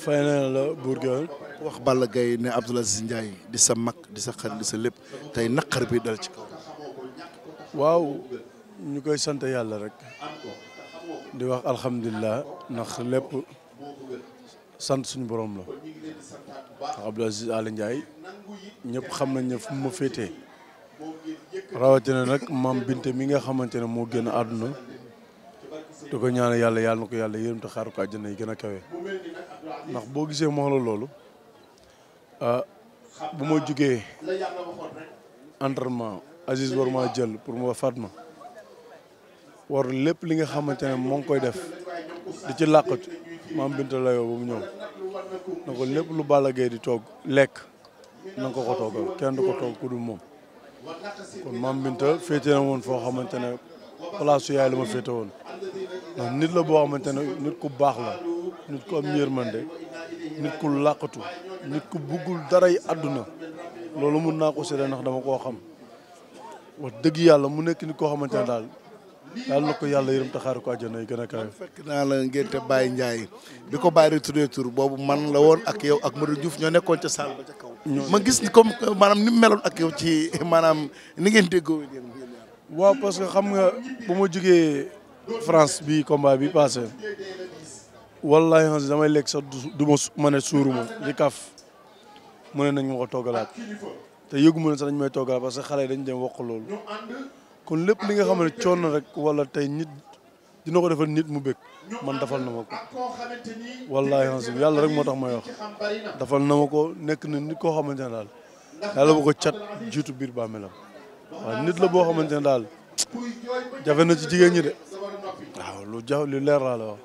Final burger, wak buur wax Balla ne Abdoul Aziz di sa mag di sa xarit di sa lépp tey naqar bi dal ci kaw waaw ñu koy sant yàlla rek di wax alhamdulilah ndax lépp sant suñu borom la ndax Abdoul Aziz Aly Ndiaye ñëpp xam nañ ne fu ma féetee rawatina nag maam binte mi nga ko ñaan yàlla yàlla na ko yàlla yërëm te ko yi ndax boo gisee moo la loolu ah, bu ma jugee entraînement Aziz war maa jël pour ma faat ma war lépp li nga xamante ne moo ngi koy def di ci làqatu maam Binta layoo ba mu ñëw na ko lépp lu bala Gaye di toog lekk na nga ko ko toogal kenn du ko toog ku dul moom kon maam Binta féete woon foo xamante ne place yaay la ma féete woon ndax nit la boo xamante ne nit ku baax la nit ku am yërmande nit ku làqatu nit ku buggul daray àdduna loolu mun naa ko seede ndax dama koo xam wax dëgg yàlla mu nekk nit ko xamante ne daal daal na ko yàlla yërëm taxaar ko àjjana yi gën fekk naa la ngénte Baye Ndiaye bi ko Baye retiré tur boobu man la woon ak yow ak Modou Diouf ñoo nekkoon ca saal ca kaw. ma gis comme maanaam ni mu meloon ak yow ci maanaam ni ngeen déggoo. waaw parce que xam nga ba ma jógee France bi combat bi passé wallaay xam damay lekk sax du ma mën a suuru ma mu ne nañ ma ko toggalaat te yëgu ma ne sax dañ may toggalaat parce que xale yi dañ dem wax loolu kon lépp li nga xam ne coon na rek wala tey nit dina ko defal nit mu bëgg man dafal na ko wallaay xam yàlla rek moo tax ma wax dafal na ma ko nekk na nit koo xamante ne daal yàlla bu ko cat jiitu biir bàmmeelam waaw nit la boo xamante ne daal jafe na ci jigéen ñi de waaw lu ja lu leer laa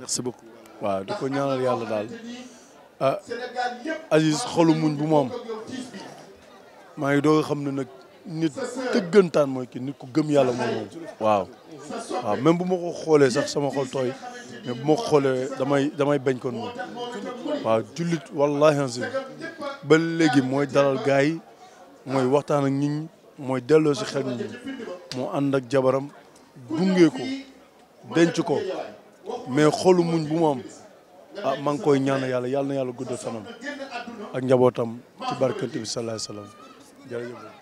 merci beaucoup waaw di ko ñaanal yàlla daal a ah, Aziz xolu muñ bu moom maa ngi doog a xam ne nag nit dëggantaan mooy kii nit ku gëm yàlla moom moom waaw waaw même bu ma ko xoolee sax sama xol tooy mais bu ma xoolee damay damay bañ kon moom waaw jullit wallahi ansi ba léegi mooy dalal gars yi mooy waxtaan ak nit ñi mooy delloo si xel nit ñi moo ànd ak jabaram gunge ko denc ko mais xolu muñ bu mu am ah maa ngi koy ñaan yàlla yàlla na yàlla guddal fanam ak njabootam ci barkante bi salaay salaam jërëjëf